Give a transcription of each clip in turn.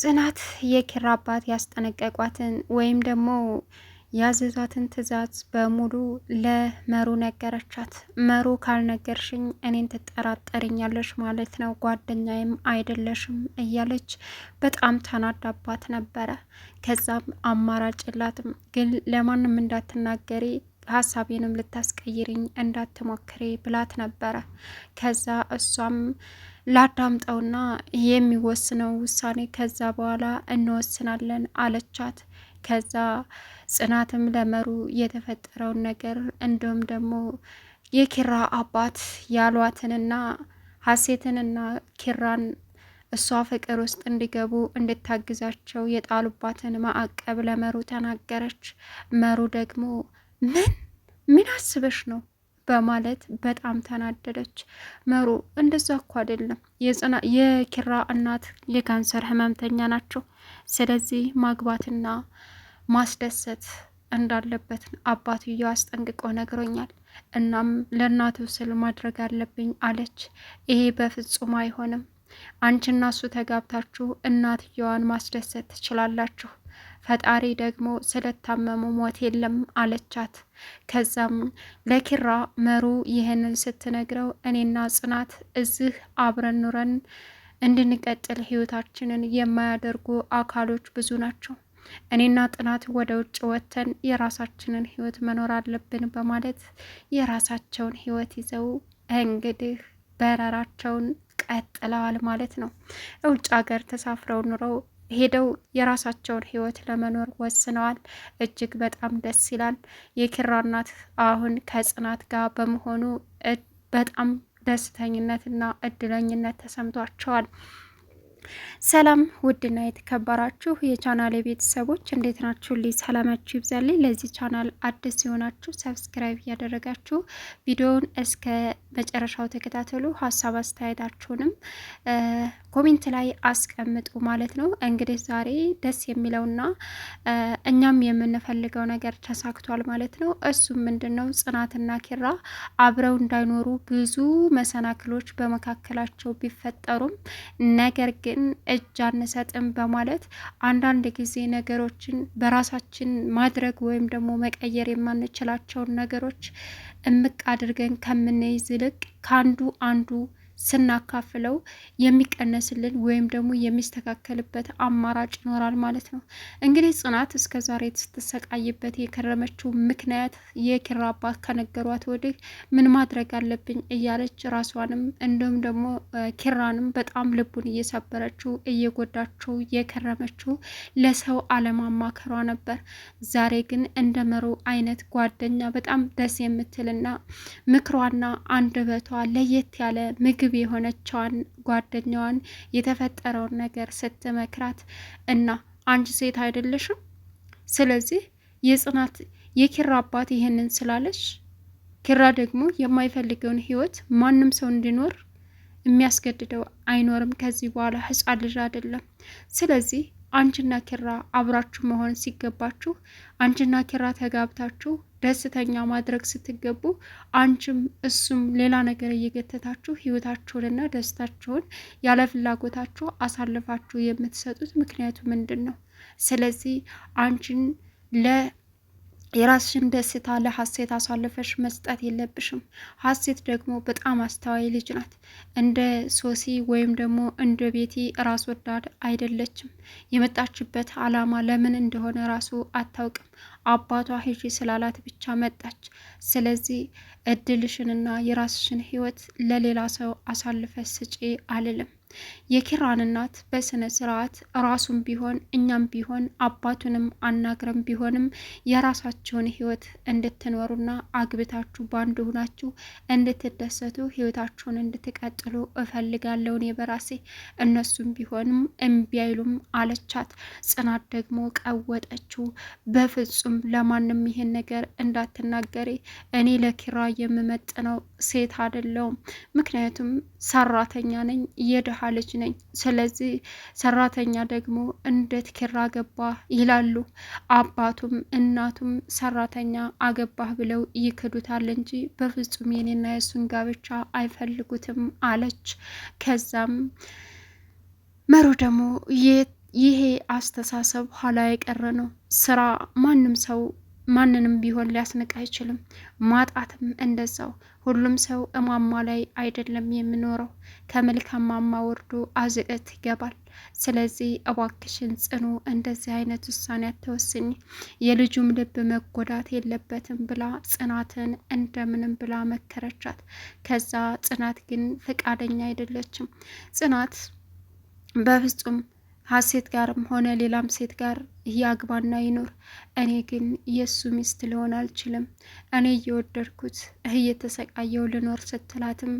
ጽናት የኪራ አባት ያስጠነቀቋትን ወይም ደግሞ ያዘዟትን ትዕዛዝ በሙሉ ለመሩ ነገረቻት። መሩ ካልነገርሽኝ እኔን ትጠራጠርኛለሽ ማለት ነው፣ ጓደኛዬም አይደለሽም እያለች በጣም ተናዳባት ነበረ። ከዛም አማራጭ የላትም ግን ለማንም እንዳትናገሪ ሀሳቤንም ልታስቀይርኝ እንዳትሞክሬ ብላት ነበረ። ከዛ እሷም ላዳምጠውና የሚወስነው ውሳኔ ከዛ በኋላ እንወስናለን አለቻት። ከዛ ጽናትም ለመሩ የተፈጠረውን ነገር እንዲሁም ደግሞ የኪራ አባት ያሏትንና ሀሴትንና ኪራን እሷ ፍቅር ውስጥ እንዲገቡ እንድታግዛቸው የጣሉባትን ማዕቀብ ለመሩ ተናገረች። መሩ ደግሞ ምን ምን አስበሽ ነው በማለት በጣም ተናደደች። መሩ እንደዛ እኮ አይደለም፣ የኪራ እናት የካንሰር ህመምተኛ ናቸው። ስለዚህ ማግባትና ማስደሰት እንዳለበት አባትየው አስጠንቅቆ ነግሮኛል። እናም ለእናቱ ስል ማድረግ አለብኝ አለች። ይሄ በፍጹም አይሆንም። አንቺና እሱ ተጋብታችሁ እናትየዋን ማስደሰት ትችላላችሁ ፈጣሪ ደግሞ ስለታመሙ ሞት የለም አለቻት። ከዛም ለኪራ መሩ ይህንን ስትነግረው እኔና ጽናት እዚህ አብረን ኑረን እንድንቀጥል ህይወታችንን የማያደርጉ አካሎች ብዙ ናቸው። እኔና ጥናት ወደ ውጭ ወጥተን የራሳችንን ህይወት መኖር አለብን በማለት የራሳቸውን ህይወት ይዘው እንግዲህ በረራቸውን ቀጥለዋል ማለት ነው። ውጭ ሀገር ተሳፍረው ኑረው ሄደው የራሳቸውን ህይወት ለመኖር ወስነዋል። እጅግ በጣም ደስ ይላል። የኪራ እናት አሁን ከጽናት ጋር በመሆኑ በጣም ደስተኝነትና እድለኝነት ተሰምቷቸዋል። ሰላም ውድና የተከበራችሁ የቻናል ቤተሰቦች እንዴት ናችሁ? ልይ ሰላማችሁ ይብዛልኝ። ለዚህ ቻናል አዲስ ሲሆናችሁ ሰብስክራይብ እያደረጋችሁ ቪዲዮውን እስከ መጨረሻው ተከታተሉ። ሀሳብ አስተያየታችሁንም ኮሜንት ላይ አስቀምጡ ማለት ነው። እንግዲህ ዛሬ ደስ የሚለውና እኛም የምንፈልገው ነገር ተሳክቷል ማለት ነው። እሱም ምንድን ነው? ጽናትና ኪራ አብረው እንዳይኖሩ ብዙ መሰናክሎች በመካከላቸው ቢፈጠሩም ነገር ግን ነገሮችን እጅ አንሰጥም በማለት አንዳንድ ጊዜ ነገሮችን በራሳችን ማድረግ ወይም ደግሞ መቀየር የማንችላቸውን ነገሮች እምቅ አድርገን ከምንይዝ ይልቅ ከአንዱ አንዱ ስናካፍለው የሚቀነስልን ወይም ደግሞ የሚስተካከልበት አማራጭ ይኖራል ማለት ነው። እንግዲህ ጽናት እስከ ዛሬ ስትሰቃይበት የከረመችው ምክንያት የኪራ አባት ከነገሯት ወዲህ ምን ማድረግ አለብኝ እያለች ራሷንም እንዲሁም ደግሞ ኪራንም በጣም ልቡን እየሰበረችው እየጎዳችው የከረመችው ለሰው አለማማከሯ ነበር። ዛሬ ግን እንደ መሮ አይነት ጓደኛ በጣም ደስ የምትልና ምክሯና አንደበቷ ለየት ያለ ምግብ እርግብ የሆነችዋን ጓደኛዋን የተፈጠረውን ነገር ስትመክራት እና አንቺ ሴት አይደለሽም፣ ስለዚህ የጽናት የኪራ አባት ይህንን ስላለች ኪራ ደግሞ የማይፈልገውን ህይወት ማንም ሰው እንዲኖር የሚያስገድደው አይኖርም። ከዚህ በኋላ ህፃን ልጅ አይደለም። ስለዚህ አንቺና ኪራ አብራችሁ መሆን ሲገባችሁ አንቺና ኪራ ተጋብታችሁ ደስተኛ ማድረግ ስትገቡ አንቺም እሱም ሌላ ነገር እየገተታችሁ ህይወታችሁንና ደስታችሁን ያለ ፍላጎታችሁ አሳልፋችሁ የምትሰጡት ምክንያቱ ምንድን ነው? ስለዚህ አንቺን ለ የራስሽን ደስታ ለሀሴት አሳልፈሽ መስጠት የለብሽም። ሀሴት ደግሞ በጣም አስተዋይ ልጅ ናት። እንደ ሶሲ ወይም ደግሞ እንደ ቤቲ ራስ ወዳድ አይደለችም። የመጣችበት ዓላማ ለምን እንደሆነ ራሱ አታውቅም። አባቷ ሂጂ ስላላት ብቻ መጣች። ስለዚህ እድልሽንና የራስሽን ህይወት ለሌላ ሰው አሳልፈሽ ስጪ አልልም። የኪራን እናት በስነ ስርዓት ራሱም ቢሆን እኛም ቢሆን አባቱንም አናግረም ቢሆንም የራሳችሁን ህይወት እንድትኖሩና አግብታችሁ ባንድ ሁናችሁ እንድትደሰቱ ህይወታችሁን እንድትቀጥሉ እፈልጋለሁ እኔ በራሴ እነሱም ቢሆንም እምቢ አይሉም አለቻት። ጽናት ደግሞ ቀወጠችው። በፍጹም ለማንም ይህን ነገር እንዳትናገሬ እኔ ለኪራ የምመጥነው ሴት አይደለውም። ምክንያቱም ሰራተኛ ነኝ፣ የድሃ ልጅ ነኝ። ስለዚህ ሰራተኛ ደግሞ እንዴት ኪራ ገባ ይላሉ። አባቱም እናቱም ሰራተኛ አገባህ ብለው ይክዱታል እንጂ በፍጹም የኔና የሱን ጋብቻ አይፈልጉትም አለች። ከዛም መሩ ደግሞ ይሄ አስተሳሰብ ኋላ የቀረ ነው። ስራ ማንም ሰው ማንንም ቢሆን ሊያስንቅ አይችልም። ማጣትም እንደዛው። ሁሉም ሰው እማማ ላይ አይደለም የሚኖረው፣ ከመልካም ማማ ወርዶ አዝቅት ይገባል። ስለዚህ እባክሽን ጽኑ፣ እንደዚህ አይነት ውሳኔ አትወስኝ፣ የልጁም ልብ መጎዳት የለበትም ብላ ጽናትን እንደምንም ብላ መከረቻት። ከዛ ጽናት ግን ፈቃደኛ አይደለችም። ጽናት በፍጹም ሀሴት ጋርም ሆነ ሌላም ሴት ጋር ያግባና ይኖር። እኔ ግን የእሱ ሚስት ልሆን አልችልም። እኔ እየወደድኩት እየተሰቃየው ልኖር ስትላትም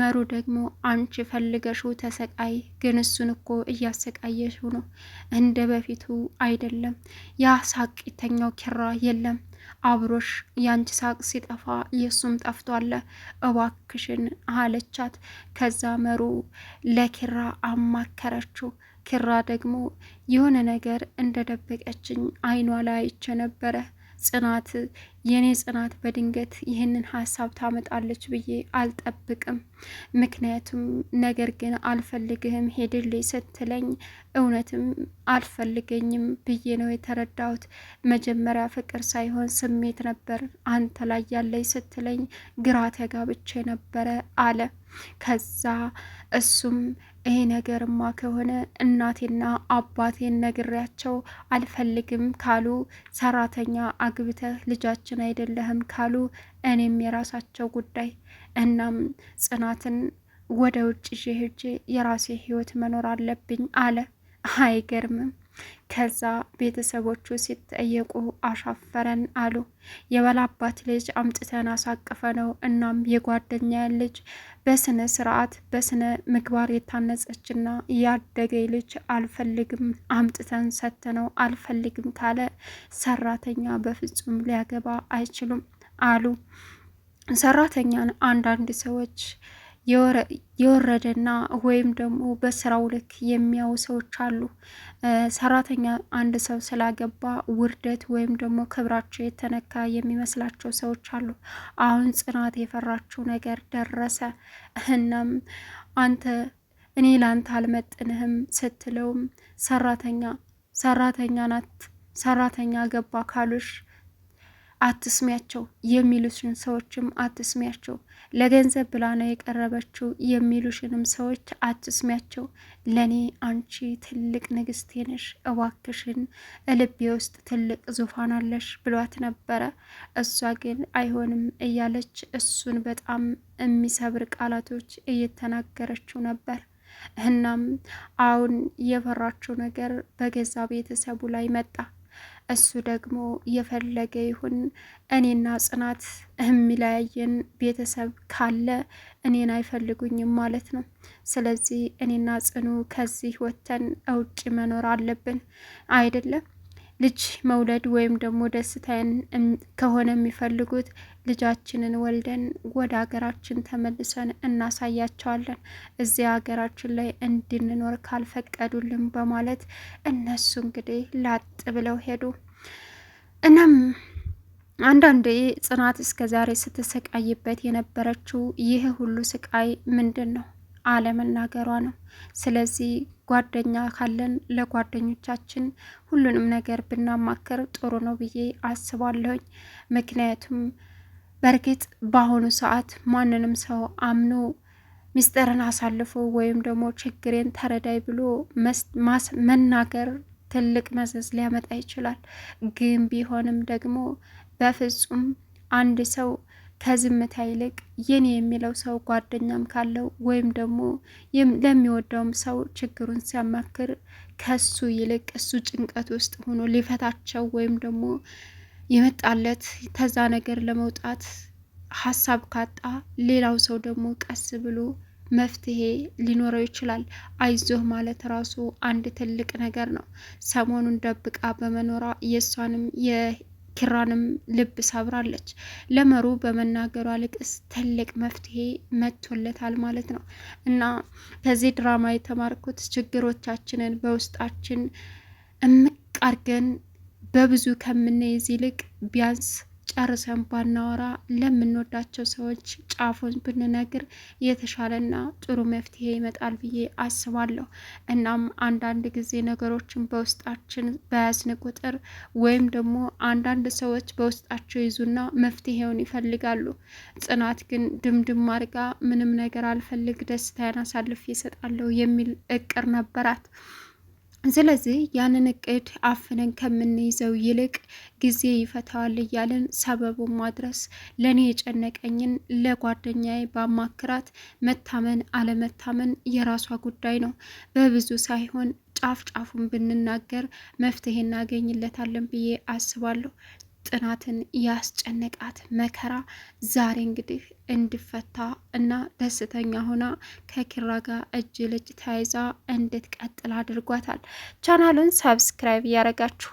መሩ ደግሞ አንቺ ፈልገሽው ተሰቃይ፣ ግን እሱን እኮ እያሰቃየሽው ነው። እንደ በፊቱ አይደለም። ያ ሳቂተኛው ኪራ የለም አብሮሽ ያንቺ ሳቅ ሲጠፋ የእሱም ጠፍቷለ፣ እባክሽን አለቻት። ከዛ መሩ ለኪራ አማከረችው። ኪራ ደግሞ የሆነ ነገር እንደደበቀችኝ አይኗ ላይ አይቼ ነበረ። ጽናት የኔ ጽናት በድንገት ይህንን ሀሳብ ታመጣለች ብዬ አልጠብቅም። ምክንያቱም ነገር ግን አልፈልግህም ሄድልኝ ስትለኝ እውነትም አልፈልገኝም ብዬ ነው የተረዳሁት። መጀመሪያ ፍቅር ሳይሆን ስሜት ነበር አንተ ላይ ያለኝ ስትለኝ ግራ ተጋብቼ ነበረ አለ ከዛ እሱም ይሄ ነገርማ ከሆነ እናቴና አባቴን ነግሬያቸው አልፈልግም ካሉ፣ ሰራተኛ አግብተህ ልጃችን አይደለህም ካሉ፣ እኔም የራሳቸው ጉዳይ። እናም ጽናትን ወደ ውጭ ሄጄ የራሴ ህይወት መኖር አለብኝ አለ። አይገርምም? ከዛ ቤተሰቦቹ ሲጠየቁ አሻፈረን አሉ። የበላባት ልጅ አምጥተን አሳቅፈ ነው። እናም የጓደኛ ልጅ በስነ ስርዓት በስነ ምግባር የታነጸችና ያደገ ልጅ አልፈልግም፣ አምጥተን ነው አልፈልግም ካለ ሰራተኛ በፍጹም ሊያገባ አይችሉም አሉ። ሰራተኛን አንዳንድ ሰዎች የወረደና ወይም ደግሞ በስራው ልክ የሚያው ሰዎች አሉ። ሰራተኛ አንድ ሰው ስላገባ ውርደት ወይም ደግሞ ክብራቸው የተነካ የሚመስላቸው ሰዎች አሉ። አሁን ጽናት የፈራችው ነገር ደረሰ። እናም አንተ እኔ ላንተ አልመጥንህም ስትለውም ሰራተኛ ሰራተኛ ናት ሰራተኛ ገባ ካሉሽ አትስሚያቸው የሚሉሽን ሰዎችም አትስሚያቸው። ለገንዘብ ብላ ነው የቀረበችው የሚሉሽንም ሰዎች አትስሚያቸው። ለእኔ አንቺ ትልቅ ንግስቴ ነሽ፣ እባክሽን ልቤ ውስጥ ትልቅ ዙፋን አለሽ ብሏት ነበረ። እሷ ግን አይሆንም እያለች እሱን በጣም የሚሰብር ቃላቶች እየተናገረችው ነበር። እናም አሁን የፈራችው ነገር በገዛ ቤተሰቡ ላይ መጣ። እሱ ደግሞ የፈለገ ይሁን እኔና ጽናት የሚለያየን ቤተሰብ ካለ እኔን አይፈልጉኝም ማለት ነው። ስለዚህ እኔና ጽኑ ከዚህ ወጥተን እውጭ መኖር አለብን አይደለም ልጅ መውለድ ወይም ደግሞ ደስታን ከሆነ የሚፈልጉት ልጃችንን ወልደን ወደ ሀገራችን ተመልሰን እናሳያቸዋለን፣ እዚያ ሀገራችን ላይ እንድንኖር ካልፈቀዱልን በማለት እነሱ እንግዲህ ላጥ ብለው ሄዱ። እናም አንዳንዴ ጽናት እስከ ዛሬ ስትሰቃይበት የነበረችው ይህ ሁሉ ስቃይ ምንድን ነው አለመናገሯ ነው። ስለዚህ ጓደኛ ካለን ለጓደኞቻችን ሁሉንም ነገር ብናማከር ጥሩ ነው ብዬ አስባለሁኝ። ምክንያቱም በእርግጥ በአሁኑ ሰዓት ማንንም ሰው አምኖ ምስጢርን አሳልፎ ወይም ደግሞ ችግሬን ተረዳይ ብሎ መናገር ትልቅ መዘዝ ሊያመጣ ይችላል። ግን ቢሆንም ደግሞ በፍጹም አንድ ሰው ከዝምታ ይልቅ የኔ የሚለው ሰው ጓደኛም ካለው ወይም ደግሞ ለሚወደውም ሰው ችግሩን ሲያማክር ከሱ ይልቅ እሱ ጭንቀት ውስጥ ሆኖ ሊፈታቸው ወይም ደግሞ የመጣለት ተዛ ነገር ለመውጣት ሀሳብ ካጣ ሌላው ሰው ደግሞ ቀስ ብሎ መፍትሄ ሊኖረው ይችላል። አይዞህ ማለት ራሱ አንድ ትልቅ ነገር ነው። ሰሞኑን ደብቃ በመኖሯ የእሷንም ኪራንም ልብ ሰብራለች። ለመሩ በመናገሯ ልቅስ ትልቅ መፍትሄ መጥቶለታል ማለት ነው እና ከዚህ ድራማ የተማርኩት ችግሮቻችንን በውስጣችን እምቅ አርገን በብዙ ከምንይዝ ይልቅ ቢያንስ ጨርሰን ባናወራ ለምንወዳቸው ሰዎች ጫፉን ብንነግር የተሻለና ጥሩ መፍትሄ ይመጣል ብዬ አስባለሁ። እናም አንዳንድ ጊዜ ነገሮችን በውስጣችን በያዝን ቁጥር ወይም ደግሞ አንዳንድ ሰዎች በውስጣቸው ይዙና መፍትሄውን ይፈልጋሉ። ጽናት ግን ድምድም አድርጋ ምንም ነገር አልፈልግ፣ ደስታን አሳልፍ ይሰጣለሁ የሚል እቅር ነበራት። ስለዚህ ያንን እቅድ አፍነን ከምንይዘው ይልቅ ጊዜ ይፈታዋል እያልን ሰበቡን ማድረስ ለእኔ የጨነቀኝን ለጓደኛዬ ባማክራት መታመን አለመታመን የራሷ ጉዳይ ነው። በብዙ ሳይሆን ጫፍ ጫፉን ብንናገር መፍትሄ እናገኝለታለን ብዬ አስባለሁ። ጥናትን ያስጨነቃት መከራ ዛሬ እንግዲህ እንድፈታ እና ደስተኛ ሆና ከኪራ ጋር እጅ ለእጅ ተያይዛ እንድትቀጥል አድርጓታል። ቻናሉን ሳብስክራይብ እያረጋችሁ